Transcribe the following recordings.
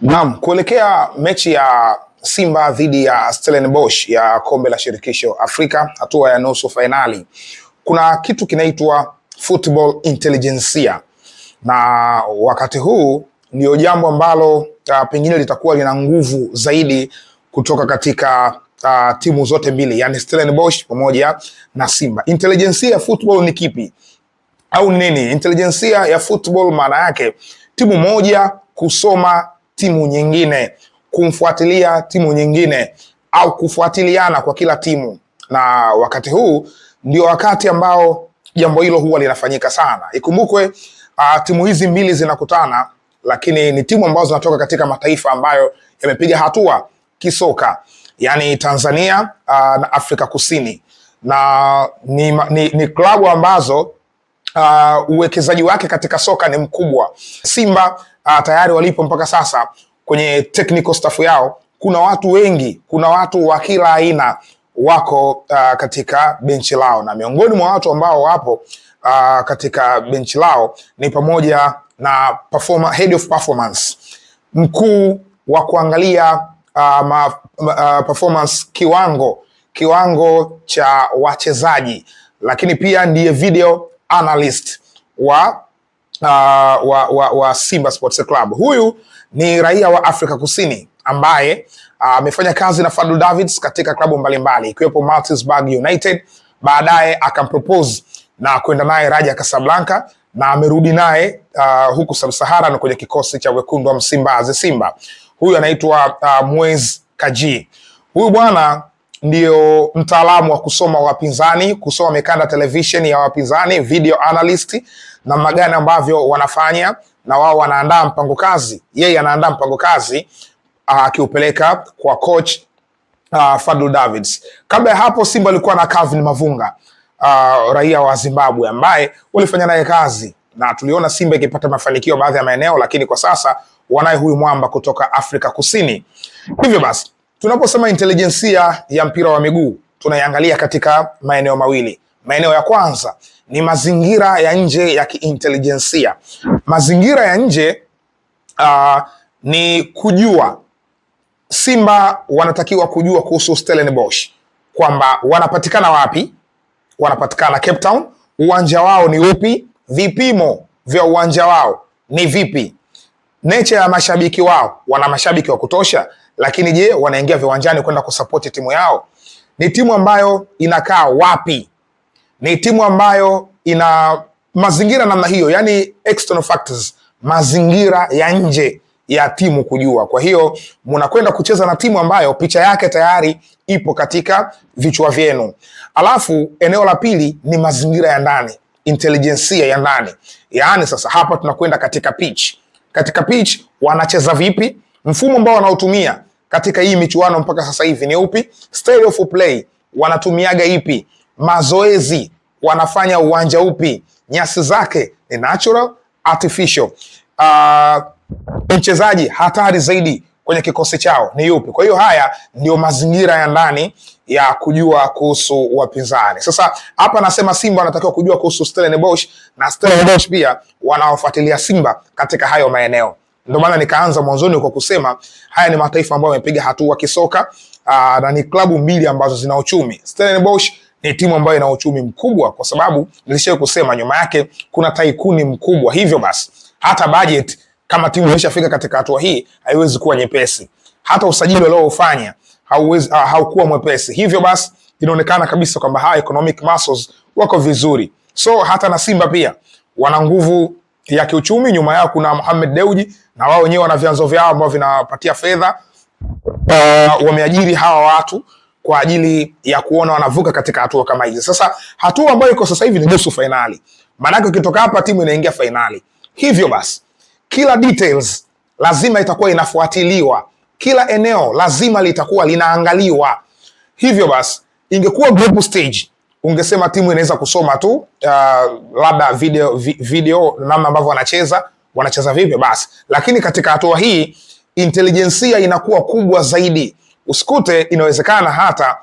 Naam, kuelekea mechi ya Simba dhidi ya Stellenbosch ya kombe la shirikisho Afrika hatua ya nusu fainali, kuna kitu kinaitwa football intelligentsia, na wakati huu ndio jambo ambalo uh, pengine litakuwa lina nguvu zaidi kutoka katika uh, timu zote mbili, yani Stellenbosch pamoja na Simba. Intelligentsia ya football ni kipi au nini? Intelligentsia ya football maana yake timu moja kusoma timu nyingine, kumfuatilia timu nyingine au kufuatiliana kwa kila timu, na wakati huu ndio wakati ambao jambo hilo huwa linafanyika sana. Ikumbukwe uh, timu hizi mbili zinakutana, lakini ni timu ambazo zinatoka katika mataifa ambayo yamepiga hatua kisoka, yani Tanzania uh, na Afrika Kusini na ni, ni, ni klabu ambazo uh, uwekezaji wake katika soka ni mkubwa. Simba uh, tayari walipo mpaka sasa kwenye technical staff yao kuna watu wengi, kuna watu wa kila aina wako uh, katika benchi lao, na miongoni mwa watu ambao wapo uh, katika benchi lao ni pamoja na performer, head of performance, mkuu wa kuangalia uh, ma, uh, performance kiwango kiwango cha wachezaji, lakini pia ndiye video analyst wa, uh, wa, wa, wa Simba Sports Club. Huyu ni raia wa Afrika Kusini ambaye uh, amefanya uh, kazi na Fadlu Davids katika klabu mbalimbali ikiwepo Maritzburg United, baadaye akampropose na kwenda naye Raja Casablanca na amerudi naye uh, huku Sub-Sahara na kwenye kikosi cha wekundu wa Msimbazi Simba. Huyu anaitwa uh, Mwez Kaji. Huyu bwana ndio mtaalamu wa kusoma wapinzani, kusoma mikanda television ya wapinzani, video analyst, namna gani ambavyo wanafanya na wao wanaandaa mpango kazi. Yeye anaandaa mpango kazi ah, akiupeleka kwa coach uh, Fadlu Davids. Kabla ya hapo Simba alikuwa na Calvin Mavunga uh, raia wa Zimbabwe ambaye walifanya naye kazi na tuliona Simba ikipata mafanikio baadhi ya maeneo, lakini kwa sasa wanaye huyu mwamba kutoka Afrika Kusini. Hivyo basi Tunaposema intelijensia ya mpira wa miguu tunaiangalia katika maeneo mawili. Maeneo ya kwanza ni mazingira ya nje ya kiintelijensia. Mazingira ya nje uh, ni kujua Simba wanatakiwa kujua kuhusu Stellenbosch kwamba wanapatikana wapi, wanapatikana Cape Town, uwanja wao ni upi, vipimo vya uwanja wao ni vipi nature ya mashabiki wao, wana mashabiki wa kutosha, lakini je, wanaingia viwanjani kwenda kusapoti timu yao? Ni timu ambayo inakaa wapi? Ni timu ambayo ina mazingira namna hiyo, yani external factors, mazingira ya nje ya timu kujua. Kwa hiyo mnakwenda kucheza na timu ambayo picha yake tayari ipo katika vichwa vyenu. Alafu eneo la pili ni mazingira ya ndani, intelijensia ya ndani, yaani sasa hapa tunakwenda katika pitch katika pitch wanacheza vipi, mfumo ambao wanaotumia katika hii michuano mpaka sasa hivi ni upi, style of play wanatumiaga ipi, mazoezi wanafanya uwanja upi, nyasi zake ni natural artificial. Uh, mchezaji hatari zaidi kwenye kikosi chao ni yupi? Kwa hiyo haya ndio mazingira ya ndani ya kujua kuhusu wapinzani. Sasa hapa nasema Simba wanatakiwa kujua kuhusu Stellenbosch na Stellenbosch pia wanaofuatilia Simba katika hayo maeneo. Ndio maana nikaanza mwanzoni kwa kusema haya ni mataifa ambayo yamepiga hatua kisoka aa, na ni klabu mbili ambazo zina uchumi. Stellenbosch ni timu ambayo ina uchumi mkubwa, kwa sababu nilishawahi kusema nyuma yake kuna taikuni mkubwa. Hivyo basi hata budget kama timu imeshafika katika hatua hii haiwezi kuwa nyepesi. Hata usajili walioufanya hauwezi uh, haukuwa mwepesi. Hivyo basi inaonekana kabisa kwamba hawa economic muscles wako vizuri, so hata na Simba pia wana nguvu ya kiuchumi. Nyuma yao kuna Mohamed Deuji na wao wenyewe wana vyanzo vyao ambavyo vinapatia fedha. Uh, wameajiri hawa watu kwa ajili ya kuona wanavuka katika hatua kama hizi. Sasa hatua ambayo iko sasa hivi ni nusu fainali, maanake ukitoka hapa timu inaingia fainali. Hivyo basi kila details lazima itakuwa inafuatiliwa kila eneo lazima litakuwa linaangaliwa. Hivyo basi, ingekuwa group stage ungesema timu inaweza kusoma tu uh, labda video, video namna ambavyo wanacheza wanacheza vipi basi, lakini katika hatua hii intelijensia inakuwa kubwa zaidi. Usikute inawezekana hata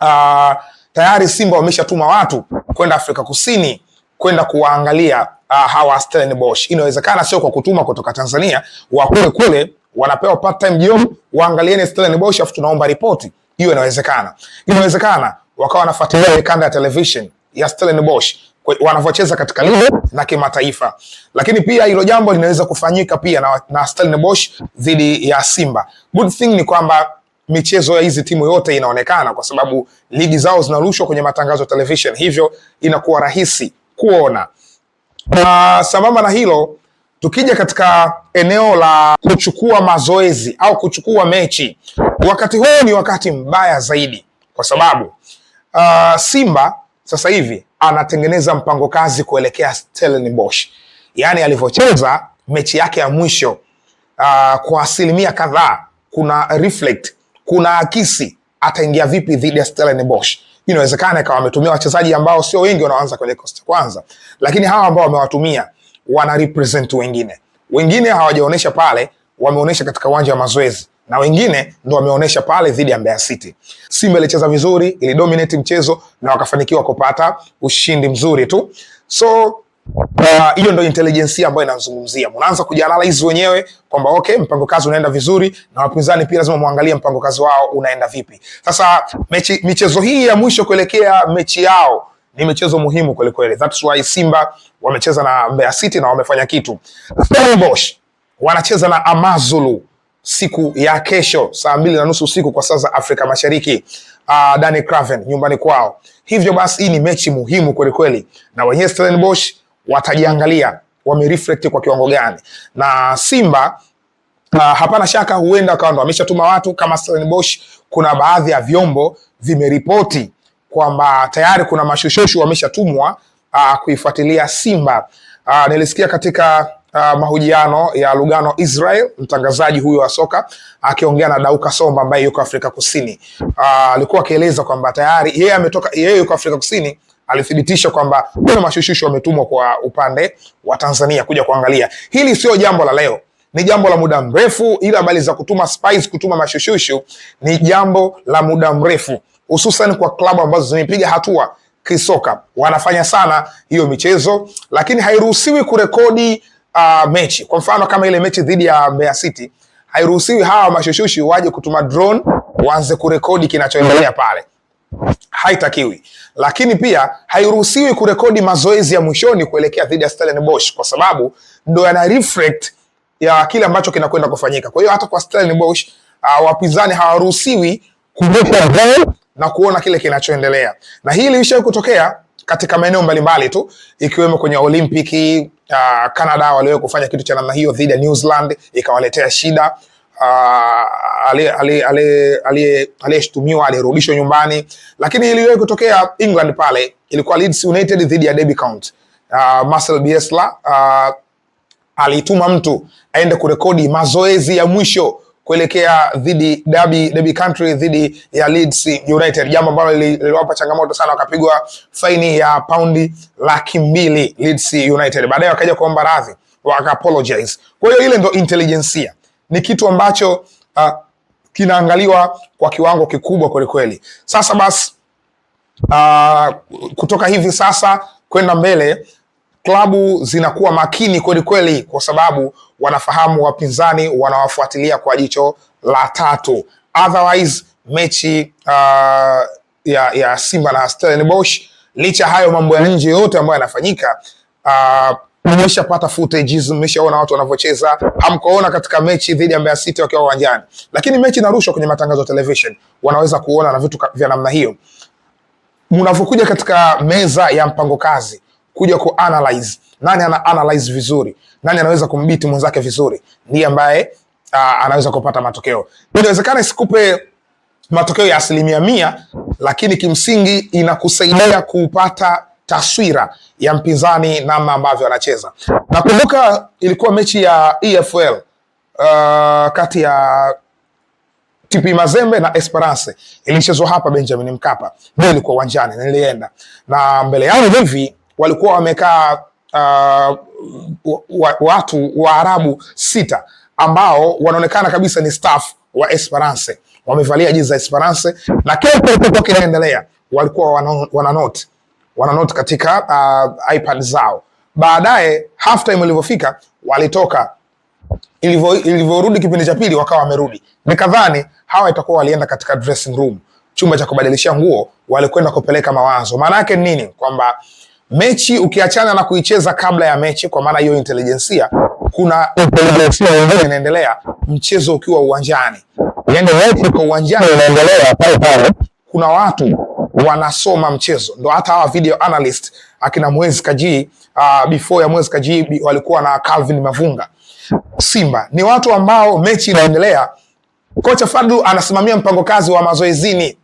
uh, tayari Simba wameshatuma watu kwenda Afrika Kusini kwenda kuwaangalia uh, hawa Stellenbosch. Inawezekana sio kwa kutuma kutoka Tanzania, wa kule kule wanapewa part time job, waangalieni Stellenbosch Bosch, afu tunaomba ripoti hiyo. Inawezekana, inawezekana wakawa wanafuatilia mikanda ya television ya Stellenbosch wanavyocheza katika ligi na kimataifa, lakini pia hilo jambo linaweza kufanyika pia na, na Stellenbosch dhidi ya Simba. Good thing ni kwamba michezo ya hizi timu yote inaonekana kwa sababu ligi zao zinarushwa kwenye matangazo ya television, hivyo inakuwa rahisi kuona. Na ah, sambamba na hilo Tukija katika eneo la kuchukua mazoezi au kuchukua mechi, wakati huu ni wakati mbaya zaidi, kwa sababu uh, Simba sasa hivi anatengeneza mpango kazi kuelekea Stellenbosch. Yaani alivyocheza mechi yake ya mwisho uh, kwa asilimia kadhaa kuna reflect, kuna akisi ataingia vipi dhidi ya Stellenbosch. Inawezekana ikawa ametumia wachezaji ambao sio wengi wanaoanza kwenye kosti kwanza, lakini hawa ambao wamewatumia wana represent wengine. Wengine hawajaonesha pale, wameonesha katika uwanja wa mazoezi na wengine ndo wameonesha pale dhidi ya Mbeya City. Simba ilicheza vizuri, ili dominate mchezo na wakafanikiwa kupata ushindi mzuri tu. So uh, hiyo uh, ndio intelligence ambayo inazungumzia. Mnaanza kujianalyze wenyewe kwamba okay, mpango kazi unaenda vizuri na wapinzani pia lazima muangalie mpango kazi wao unaenda vipi. Sasa mechi, michezo hii ya mwisho kuelekea mechi yao ni michezo muhimu kweli kweli. That's why Simba wamecheza na Mbeya City na wamefanya kitu. Stellenbosch wanacheza na Amazulu siku ya kesho saa mbili na nusu usiku kwa saa za Afrika Mashariki, uh, Dani Craven nyumbani kwao. Hivyo basi hii ni mechi muhimu kweli kweli, na wenyewe Stellenbosch watajiangalia wamereflect kwa kiwango gani, na Simba uh, hapana shaka huenda akawa ndo ameshatuma watu kama Stellenbosch. Kuna baadhi ya vyombo vimeripoti kwamba tayari kuna mashushushu wameshatumwa ah, kuifuatilia Simba. Uh, nilisikia katika Uh, mahojiano ya Lugano Israel, mtangazaji huyo wa soka akiongea na Dauka Somba ambaye yuko Afrika Kusini, alikuwa uh, akieleza kwamba tayari yeye ametoka, yeye yuko Afrika Kusini, alithibitisha kwamba kuna mashushushu wametumwa kwa upande wa Tanzania kuja kuangalia. Hili sio jambo la leo, ni jambo la muda mrefu, ila habari za kutuma spies, kutuma mashushushu ni jambo la muda mrefu hususan kwa klabu ambazo zimepiga hatua kisoka, wanafanya sana hiyo michezo, lakini hairuhusiwi kurekodi uh, mechi. Kwa mfano kama ile mechi dhidi ya Mbeya City, hairuhusiwi hawa mashushushu waje kutuma drone waanze kurekodi kinachoendelea pale, haitakiwi. Lakini pia hairuhusiwi kurekodi mazoezi ya mwishoni kuelekea dhidi ya Stellenbosch kwa sababu ndo yana reflect ya kile ambacho kinakwenda kufanyika. Kwa hiyo hata kwa Stellenbosch uh, wapinzani hawaruhusiwi kuleta na kuona kile kinachoendelea, na hii ilishawahi kutokea katika maeneo mbalimbali tu ikiwemo kwenye Olimpiki. Uh, ah, Canada waliwahi kufanya kitu cha namna hiyo dhidi ya New Zealand ikawaletea shida. Ah, Aliyeshtumiwa alirudishwa nyumbani, lakini iliwahi kutokea England pale, ilikuwa Leeds United dhidi ya Derby County. Uh, Marcel Bielsa uh, alituma mtu aende kurekodi mazoezi ya mwisho kuelekea dhidi derby derby country dhidi ya Leeds United, jambo ambalo liliwapa changamoto sana, wakapigwa faini ya paundi laki mbili Leeds United. Baadaye wakaja kuomba radhi, waka apologize. Kwa hiyo ile ndo intelligence, ni kitu ambacho uh, kinaangaliwa kwa kiwango kikubwa kwelikweli. Sasa basi, uh, kutoka hivi sasa kwenda mbele klabu zinakuwa makini kweli kweli, kwa sababu wanafahamu wapinzani wanawafuatilia kwa jicho la tatu. Otherwise mechi uh, ya, ya Simba na Stellenbosch, licha hayo mambo ya nje yote ambayo yanafanyika uh, mmeshapata footages, mmeshaona watu wanavyocheza, hamkoona katika mechi dhidi ya Mbeya City wakiwa uwanjani, lakini mechi inarushwa kwenye matangazo ya television, wanaweza kuona na vitu vya namna hiyo. Mnavyokuja katika meza ya mpango kazi kuja ku analyze nani ana analyze vizuri, nani anaweza kumbiti mwenzake vizuri, ndiye ambaye uh, anaweza kupata matokeo. Inawezekana isikupe matokeo ya asilimia mia, lakini kimsingi inakusaidia kupata taswira ya mpinzani, namna ambavyo anacheza. Nakumbuka ilikuwa mechi ya EFL uh, kati ya TP Mazembe na Esperance ilichezwa hapa Benjamin Mkapa, ndio ilikuwa uwanjani, nilienda na mbele yangu hivi walikuwa wamekaa uh, watu Arabu sita ambao wanaonekana kabisa ni staff wa Esperance, wamevalia jezi za Esperance na kilichokuwa kinaendelea, walikuwa wana note katika uh, iPad zao. Baadaye half time ilivyofika, walitoka ilivyorudi kipindi cha pili, wakawa wamerudi. Nikadhani hawa itakuwa walienda katika dressing room, chumba cha kubadilishia nguo, walikwenda kupeleka mawazo. Maana yake nini? Kwamba mechi ukiachana na kuicheza kabla ya mechi, kwa maana hiyo intelijensia, kuna intelijensia yenyewe inaendelea, mchezo ukiwa uwanjani, yani mechi kwa uwanjani inaendelea pale pale. Kuna watu wanasoma mchezo, ndo hata hawa video analyst akina Mwezi Kaji uh, before ya Mwezi Kaji walikuwa na Calvin Mavunga Simba, ni watu ambao mechi inaendelea, kocha Fadlu anasimamia mpango kazi wa mazoezini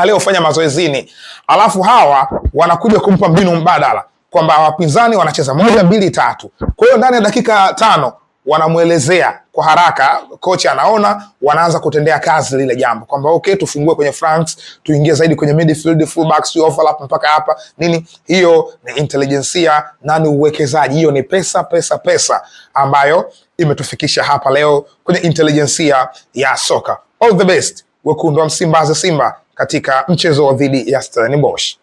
aliyofanya mazoezini, alafu hawa wanakuja kumpa mbinu mbadala kwamba wapinzani wanacheza moja mbili tatu. Kwa hiyo ndani ya dakika tano wanamwelezea kwa haraka, kocha anaona, wanaanza kutendea kazi lile jambo kwamba okay, tufungue kwenye flanks, tuingie zaidi kwenye midfield, overlap mpaka hapa nini. Hiyo ni intelijensia na ni uwekezaji, hiyo ni pesa, pesa, pesa ambayo imetufikisha hapa leo kwenye intelijensia ya soka. All the best, wekundu wa Msimbazi, Simba katika mchezo dhidi ya Stellenbosch.